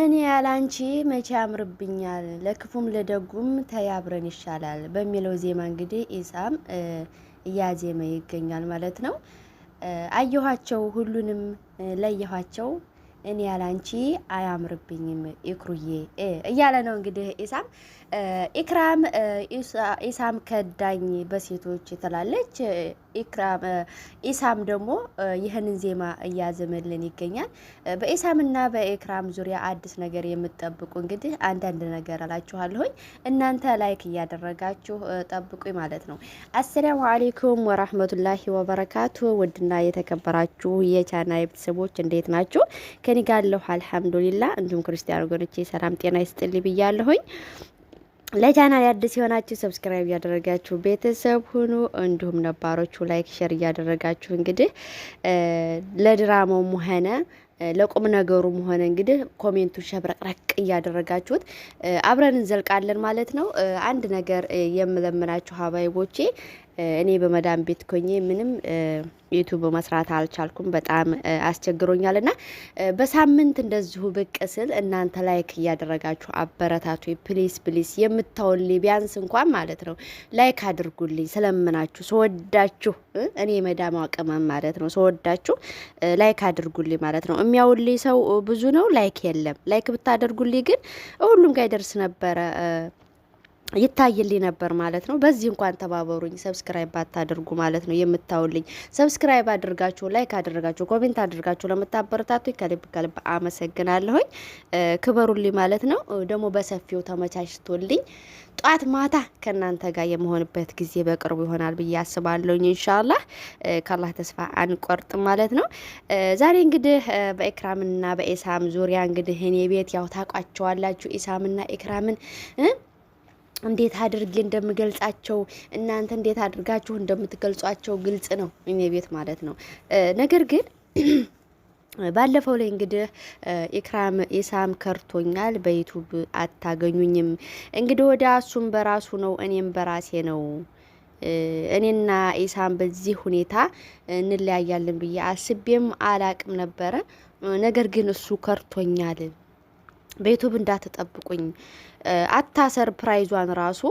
እኔ ያላንቺ መቼ ያምርብኛል፣ ለክፉም ለደጉም ተያብረን ይሻላል በሚለው ዜማ እንግዲህ ኢሳም እያዜመ ይገኛል ማለት ነው። አየኋቸው፣ ሁሉንም ለየኋቸው፣ እኔ ያላንቺ አያምርብኝም ኢክሩዬ እያለ ነው እንግዲህ ኢሳም። ኢክራም ኢሳም ከዳኝ በሴቶች ትላለች። ኢክራም ኢሳም ደግሞ ይህንን ዜማ እያዘመልን ይገኛል። በኢሳምና በኢክራም ዙሪያ አዲስ ነገር የምትጠብቁ እንግዲህ አንዳንድ ነገር አላችኋለሁኝ። እናንተ ላይክ እያደረጋችሁ ጠብቁ ማለት ነው። አሰላሙ አሌይኩም ወራህመቱላሂ ወበረካቱ። ውድና የተከበራችሁ የቻና የቤተሰቦች እንዴት ናችሁ? ከኒጋለሁ አልሐምዱሊላ። እንዲሁም ክርስቲያን ወገኖቼ ሰላም ጤና ይስጥልኝ ብያለሁኝ። ለቻናል አዲስ የሆናችሁ ሰብስክራይብ እያደረጋችሁ ቤተሰብ ሁኑ። እንዲሁም ነባሮቹ ላይክ ሼር እያደረጋችሁ እንግዲህ ለድራማውም ሆነ ለቁም ነገሩም ሆነ እንግዲህ ኮሜንቱ ሸብረቅረቅ እያደረጋችሁት አብረን እንዘልቃለን ማለት ነው። አንድ ነገር የምለምናችሁ ሀባይቦቼ እኔ በመዳም ቤት ኮኜ ምንም ዩቱብ መስራት አልቻልኩም። በጣም አስቸግሮኛል እና በሳምንት እንደዚሁ ብቅ ስል እናንተ ላይክ እያደረጋችሁ አበረታቱ ፕሊስ ፕሊስ። የምታውልኝ ቢያንስ እንኳን ማለት ነው ላይክ አድርጉልኝ። ስለምናችሁ ስወዳችሁ፣ እኔ መዳም አቅመም ማለት ነው ስወዳችሁ ላይክ አድርጉልኝ ማለት ነው። የሚያውልኝ ሰው ብዙ ነው፣ ላይክ የለም። ላይክ ብታደርጉልኝ ግን ሁሉም ጋር ይደርስ ነበረ። ይታይልኝ ነበር ማለት ነው። በዚህ እንኳን ተባበሩኝ። ሰብስክራይብ አታድርጉ ማለት ነው የምታውልኝ። ሰብስክራይብ አድርጋችሁ፣ ላይክ አድርጋችሁ፣ ኮሜንት አድርጋችሁ ለምታበረታቱ ከልብ ከልብ አመሰግናለሁኝ። ክበሩልኝ ማለት ነው። ደግሞ በሰፊው ተመቻችቶልኝ ጧት ማታ ከእናንተ ጋር የመሆንበት ጊዜ በቅርቡ ይሆናል ብዬ አስባለሁኝ። ኢንሻላህ ከላህ ተስፋ አንቆርጥ ማለት ነው። ዛሬ እንግዲህ በኢክራምና በኢሳም ዙሪያ እንግዲህ እኔ ቤት ያው ታውቋቸዋላችሁ ኢሳምና ኢክራምን እንዴት አድርጌ እንደምገልጻቸው እናንተ እንዴት አድርጋችሁ እንደምትገልጿቸው ግልጽ ነው፣ እኔ ቤት ማለት ነው። ነገር ግን ባለፈው ላይ እንግዲህ ኢክራም ኢሳም ከርቶኛል፣ በዩቱብ አታገኙኝም። እንግዲህ ወደ እሱም በራሱ ነው፣ እኔም በራሴ ነው። እኔና ኢሳም በዚህ ሁኔታ እንለያያለን ብዬ አስቤም አላቅም ነበረ። ነገር ግን እሱ ከርቶኛል በዩቱብ እንዳትጠብቁኝ። አታ ሰርፕራይዟን ራሱ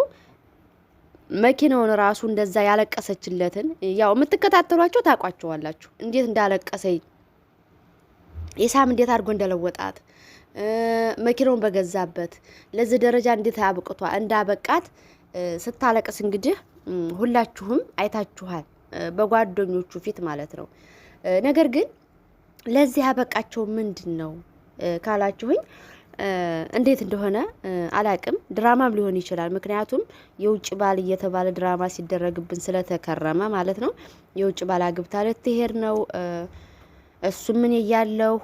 መኪናውን ራሱ እንደዛ ያለቀሰችለትን ያው የምትከታተሏቸው ታውቋቸዋላችሁ። እንዴት እንዳለቀሰኝ የሳም እንዴት አድርጎ እንደለወጣት መኪናውን በገዛበት ለዚህ ደረጃ እንዴት አብቅቷ እንዳበቃት ስታለቅስ እንግዲህ ሁላችሁም አይታችኋል፣ በጓደኞቹ ፊት ማለት ነው። ነገር ግን ለዚህ ያበቃቸው ምንድን ነው ካላችሁኝ እንዴት እንደሆነ አላቅም። ድራማም ሊሆን ይችላል። ምክንያቱም የውጭ ባል እየተባለ ድራማ ሲደረግብን ስለተከረመ ማለት ነው። የውጭ ባል አግብታ ልትሄድ ነው። እሱ ምን እያለው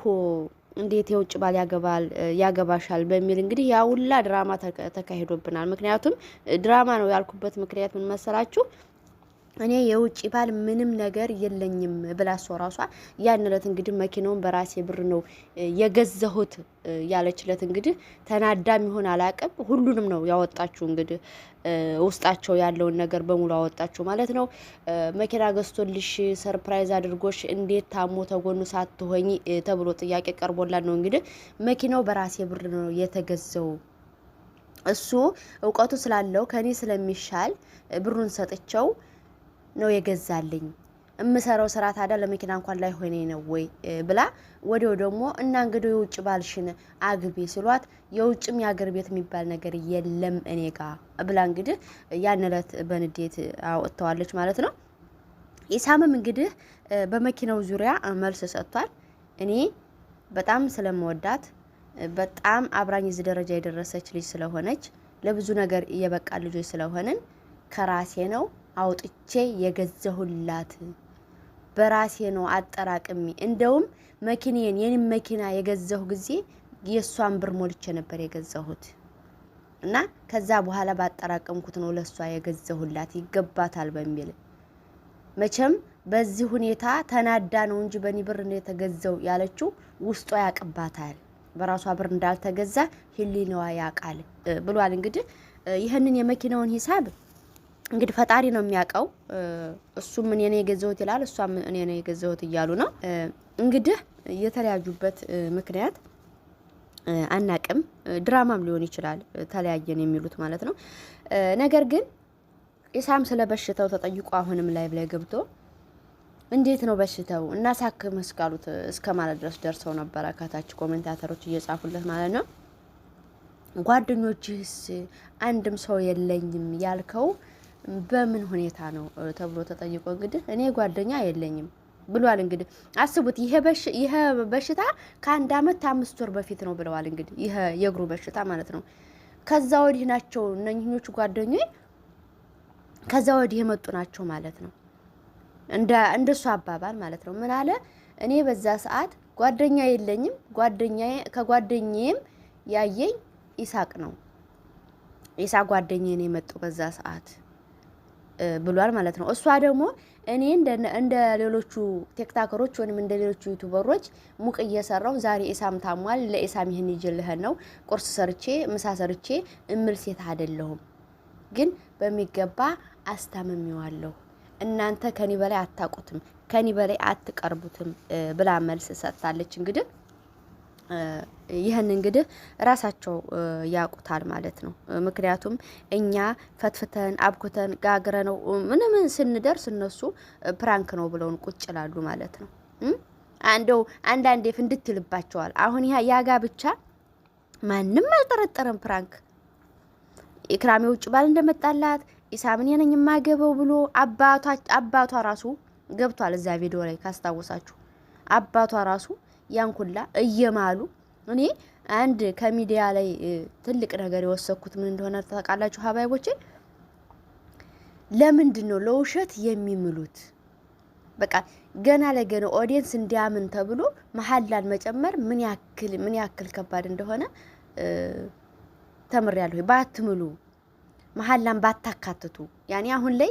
እንዴት የውጭ ባል ያገባል ያገባሻል በሚል እንግዲህ ያውላ ድራማ ተካሂዶብናል። ምክንያቱም ድራማ ነው ያልኩበት ምክንያት ምን መሰላችሁ? እኔ የውጭ ባል ምንም ነገር የለኝም ብላ እሷ ራሷ ያን እለት እንግዲህ መኪናውን በራሴ ብር ነው የገዛሁት ያለችለት እንግዲህ ተናዳም ይሆን አላቅም። ሁሉንም ነው ያወጣችሁ እንግዲህ ውስጣቸው ያለውን ነገር በሙሉ አወጣችሁ ማለት ነው። መኪና ገዝቶልሽ ሰርፕራይዝ አድርጎሽ እንዴት ታሞ ተጎኑ ሳትሆኝ ተብሎ ጥያቄ ቀርቦላት ነው እንግዲህ መኪናው በራሴ ብር ነው የተገዘው እሱ እውቀቱ ስላለው ከኔ ስለሚሻል ብሩን ሰጥቸው ነው የገዛልኝ እምሰራው ስራ ታዳ ለመኪና እንኳን ላይ ሆኔ ነው ወይ ብላ ወዲው ደግሞ እና እንግዲህ የውጭ ባልሽን አግቢ ስሏት የውጭም የአገር ቤት የሚባል ነገር የለም እኔ ጋ ብላ እንግዲህ ያን ዕለት በንዴት አወጥተዋለች ማለት ነው። ኢሳምም እንግዲህ በመኪናው ዙሪያ መልስ ሰጥቷል። እኔ በጣም ስለምወዳት በጣም አብራኝ እዚህ ደረጃ የደረሰች ልጅ ስለሆነች ለብዙ ነገር የበቃ ልጆች ስለሆንን ከራሴ ነው አውጥቼ የገዛሁላት በራሴ ነው አጠራቅሚ እንደውም መኪኔን የኔም መኪና የገዛሁ ጊዜ የእሷን ብር ሞልቼ ነበር የገዛሁት እና ከዛ በኋላ ባጠራቀምኩት ነው ለእሷ የገዛሁላት ይገባታል በሚል መቼም በዚህ ሁኔታ ተናዳ ነው እንጂ በእኔ ብር እንደተገዛው ያለችው ውስጧ ያቅባታል። በራሷ ብር እንዳልተገዛ ሕሊናዋ ያቃል ብሏል። እንግዲህ ይህንን የመኪናውን ሂሳብ እንግዲህ ፈጣሪ ነው የሚያውቀው። እሱም እኔ ነው የገዛሁት ይላል፣ እሷም እኔ ነው የገዛሁት እያሉ ነው እንግዲህ የተለያዩበት ምክንያት አናቅም። ድራማም ሊሆን ይችላል ተለያየን የሚሉት ማለት ነው። ነገር ግን ኢሳም ስለ በሽታው ተጠይቆ አሁንም ላይ ላይ ገብቶ እንዴት ነው በሽታው እናሳክም እስካሉት እስከ ማለት ድረስ ደርሰው ነበረ። ከታች ኮሜንታተሮች እየጻፉለት ማለት ነው ጓደኞችህስ አንድም ሰው የለኝም ያልከው በምን ሁኔታ ነው ተብሎ ተጠይቆ እንግዲህ እኔ ጓደኛ የለኝም ብሏል። እንግዲህ አስቡት ይሄ በሽታ ከአንድ አመት አምስት ወር በፊት ነው ብለዋል። እንግዲህ ይሄ የእግሩ በሽታ ማለት ነው። ከዛ ወዲህ ናቸው እነኝህኞቹ ጓደኞች ከዛ ወዲህ የመጡ ናቸው ማለት ነው። እንደ እንደሱ አባባል ማለት ነው። ምን አለ እኔ በዛ ሰዓት ጓደኛ የለኝም። ጓደኛዬ ከጓደኛዬም ያየኝ ኢሳቅ ነው። ኢሳቅ ጓደኛዬ ነው የመጡ በዛ ሰዓት ብሏል ማለት ነው። እሷ ደግሞ እኔ እንደ ሌሎቹ ቴክታከሮች ወይም እንደ ሌሎቹ ዩቱበሮች ሙቅ እየሰራው ዛሬ ኢሳም ታሟል፣ ለኢሳም ይህን ይጅልህን ነው ቁርስ ሰርቼ ምሳ ሰርቼ እምል ሴት አይደለሁም፣ ግን በሚገባ አስታምሜዋለሁ። እናንተ ከኔ በላይ አታውቁትም፣ ከኔ በላይ አትቀርቡትም ብላ መልስ ሰጥታለች እንግዲህ ይህን እንግዲህ ራሳቸው ያውቁታል ማለት ነው። ምክንያቱም እኛ ፈትፍተን አብኩተን ጋግረ ነው ምንምን ስንደርስ እነሱ ፕራንክ ነው ብለውን ቁጭ ላሉ ማለት ነው። እንደው አንዳንዴ እንድትልባቸዋል። አሁን ያጋ ብቻ ማንም አልጠረጠረም ፕራንክ ኢክራሜ ውጭ ባል እንደመጣላት ኢሳምን የነኝ የማገበው ብሎ አባቷ ራሱ ገብቷል። እዛ ቪዲዮ ላይ ካስታወሳችሁ አባቷ ራሱ ያንኩላ እየማሉ እኔ አንድ ከሚዲያ ላይ ትልቅ ነገር የወሰኩት ምን እንደሆነ ታውቃላችሁ? ሀባይቦቼ ለምንድን ነው ለውሸት የሚምሉት? በቃ ገና ለገና ኦዲየንስ እንዲያምን ተብሎ መሀላን መጨመር ምን ያክል ምን ያክል ከባድ እንደሆነ ተምሬያለሁ። ባትምሉ መሀላን ባታካትቱ ያኔ አሁን ላይ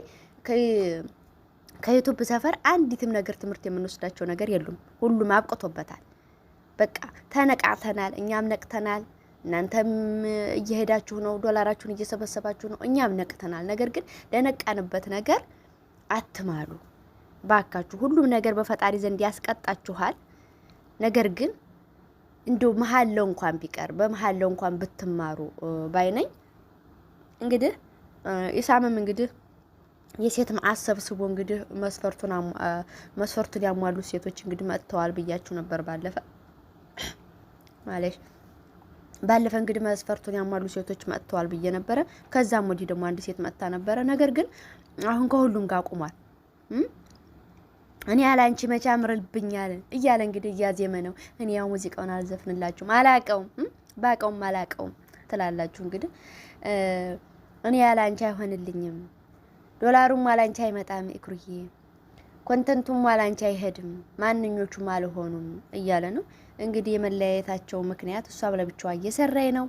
ከዩቱብ ሰፈር አንዲትም ነገር ትምህርት የምንወስዳቸው ነገር የሉም። ሁሉም አብቅቶበታል። በቃ ተነቃተናል፣ እኛም ነቅተናል። እናንተም እየሄዳችሁ ነው፣ ዶላራችሁን እየሰበሰባችሁ ነው፣ እኛም ነቅተናል። ነገር ግን ለነቃንበት ነገር አትማሉ ባካችሁ። ሁሉም ነገር በፈጣሪ ዘንድ ያስቀጣችኋል። ነገር ግን መሀል ለው እንኳን ቢቀር ለው እንኳን ብትማሩ ባይነኝ እንግዲህ ኢሳምም እንግዲህ የሴት መዓት ሰብስቦ እንግዲህ መስፈርቱን መስፈርቱን ያሟሉ ሴቶች እንግዲህ መጥተዋል ብያችሁ ነበር። ባለፈ ማለሽ ባለፈ እንግዲህ መስፈርቱን ያሟሉ ሴቶች መጥተዋል ብዬ ነበረ። ከዛም ወዲህ ደግሞ አንድ ሴት መጥታ ነበረ። ነገር ግን አሁን ከሁሉም ጋር ቁሟል። እኔ ያላንቺ መቼ አምርልብኛል እያለ እንግዲህ እያዜመ ነው። እኔ ያው ሙዚቃውን አልዘፍንላችሁም፣ አላቀውም፣ ባቀውም አላቀውም ትላላችሁ እንግዲህ እኔ ያለ አንቺ አይሆንልኝም ዶላሩም አላንቺ አይመጣም ኢክሩዬ፣ ኮንተንቱም አላንቺ አይሄድም፣ ማንኞቹም አልሆኑም እያለ ነው እንግዲህ። የመለያየታቸው ምክንያት እሷ ለብቻዋ እየሰራይ ነው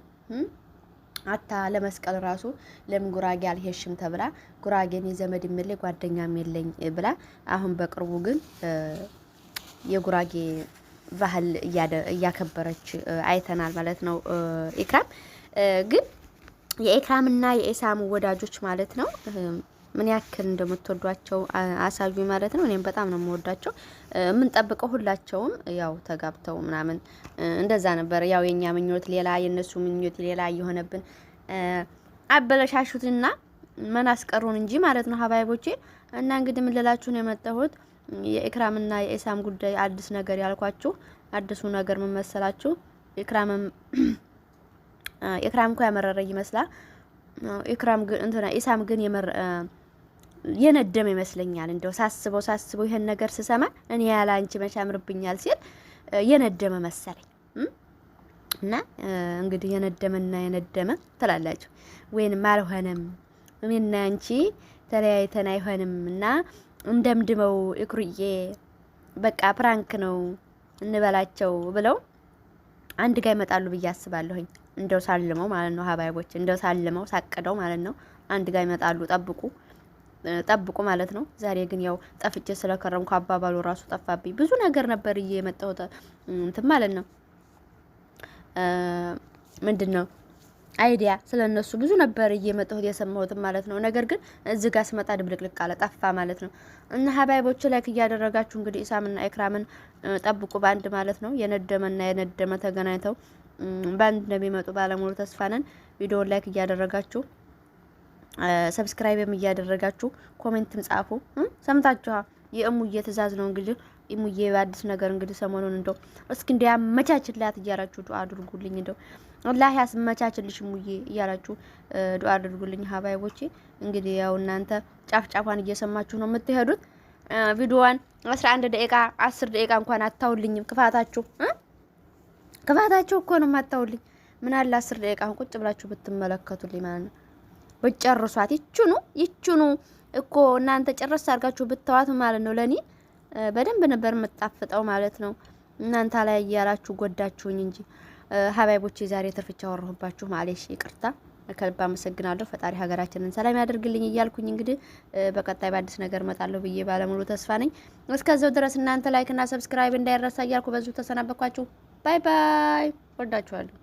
አታ ለመስቀል ራሱ ለምን ጉራጌ አልሄድሽም ተብላ ጉራጌን የዘመድ ምል ጓደኛም የለኝ ብላ አሁን በቅርቡ ግን የጉራጌ ባህል እያከበረች አይተናል ማለት ነው። ኢክራም ግን የኢክራምና የኢሳም ወዳጆች ማለት ነው ምን ያክል እንደምትወዷቸው አሳዩ ማለት ነው። እኔም በጣም ነው የምወዳቸው። የምንጠብቀው ሁላቸውም ያው ተጋብተው ምናምን እንደዛ ነበር። ያው የኛ ምኞት ሌላ፣ የእነሱ ምኞት ሌላ እየሆነብን አበለሻሹትና ምን አስቀሩን እንጂ ማለት ነው ሀባይቦቼ። እና እንግዲህ ምን ልላችሁ ነው የመጣሁት የኢክራምና የኢሳም ጉዳይ አዲስ ነገር ያልኳችሁ አዲሱ ነገር ምን መሰላችሁ? ኢክራምም ኢክራም እኮ ያመረረ ይመስላል። ኢክራም ግን እንትና ኢሳም ግን የነደም ይመስለኛል። እንደው ሳስበው ሳስበው ይሄን ነገር ስሰማ እኔ ያለ አንቺ መቼ አምርብኛል ሲል የነደመ መሰለኝ እና እንግዲህ የነደመና የነደመ ትላላችሁ ወይንም አልሆነም እኔና አንቺ ተለያይተን አይሆንም እና እንደምድመው እኩርዬ በቃ ፕራንክ ነው እንበላቸው ብለው አንድ ጋር ይመጣሉ ብዬ አስባለሁኝ። እንደው ሳልመው ማለት ነው ሀባይቦች፣ እንደው ሳልመው ሳቅደው ማለት ነው አንድ ጋር ይመጣሉ ጠብቁ። ጠብቁ ማለት ነው። ዛሬ ግን ያው ጠፍቼ ስለከረምኩ አባባሉ ራሱ ጠፋብኝ። ብዙ ነገር ነበር እየመጣሁት እንትን ማለት ነው ምንድን ነው አይዲያ ስለነሱ ብዙ ነበር እየመጣሁት የሰማሁትም ማለት ነው። ነገር ግን እዚህ ጋር ስመጣ ድብልቅልቅ አለ ጠፋ ማለት ነው። እና ሀባይቦች ላይክ እያደረጋችሁ እንግዲህ ኢሳምና ኤክራምን ጠብቁ በአንድ ማለት ነው። የነደመና የነደመ ተገናኝተው በአንድ እንደሚመጡ ባለሙሉ ተስፋ ነን። ላይክ እያደረጋችሁ ሰብስክራይብም እያደረጋችሁ ኮሜንትም ጻፉ። ሰምታችኋ የእሙዬ ትእዛዝ ነው እንግዲህ ኢሙዬ በአዲስ ነገር እንግዲህ ሰሞኑን እንደው እስኪ እንደ ያመቻችላት እያላችሁ ዱአ አድርጉልኝ። እንደው አላህ ያስመቻችልሽ ሙዬ እያላችሁ ዱአ አድርጉልኝ። ሀባይቦቼ እንግዲህ ያው እናንተ ጫፍ ጫፏን እየሰማችሁ ነው የምትሄዱት። ቪዲዮዋን 11 ደቂቃ 10 ደቂቃ እንኳን አታውልኝም። ክፋታችሁ ክፋታችሁ እኮ ነው የማታውልኝ። ምን አለ 10 ደቂቃ ቁጭ ብላችሁ ብትመለከቱልኝ ማለት ነው። በጨርሷት ይችኑ ይችኑ እኮ እናንተ ጨረስ አድርጋችሁ ብተዋት ማለት ነው። ለኔ በደንብ ነበር የምጣፍጠው ማለት ነው። እናንተ ላይ እያላችሁ ጎዳችሁኝ እንጂ ሀባይቦቼ፣ ዛሬ ትርፍቻ አወራሁባችሁ ማለሽ፣ ይቅርታ ከልብ አመሰግናለሁ። ፈጣሪ ሀገራችንን ሰላም ያደርግልኝ እያልኩኝ እንግዲህ በቀጣይ በአዲስ ነገር እመጣለሁ ብዬ ባለሙሉ ተስፋ ነኝ። እስከዛው ድረስ እናንተ ላይክና ሰብስክራይብ እንዳይረሳ እያልኩ በዚሁ ተሰናበኳችሁ። ባይ ባይ። ወዳችኋለሁ።